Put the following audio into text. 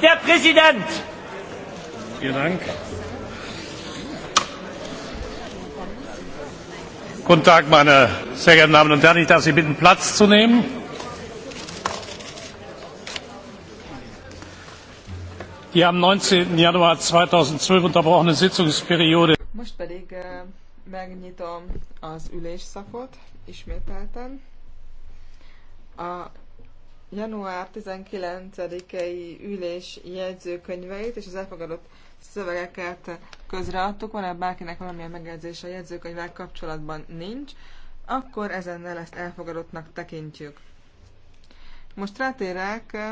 Der Präsident! Vielen Dank. Guten Tag, meine sehr geehrten Damen und Herren. Ich darf Sie bitten, Platz zu nehmen. Die am 19. Januar 2012 unterbrochene Sitzungsperiode. Most pedig eh, megnyitom az ülésszakot ismételten. A január 19-i ülés jegyzőkönyveit és az elfogadott szövegeket közreadtuk. Van-e bárkinek valamilyen megjegyzése a jegyzőkönyvvel kapcsolatban? Nincs. Akkor ezennel ezt elfogadottnak tekintjük. Most rátérek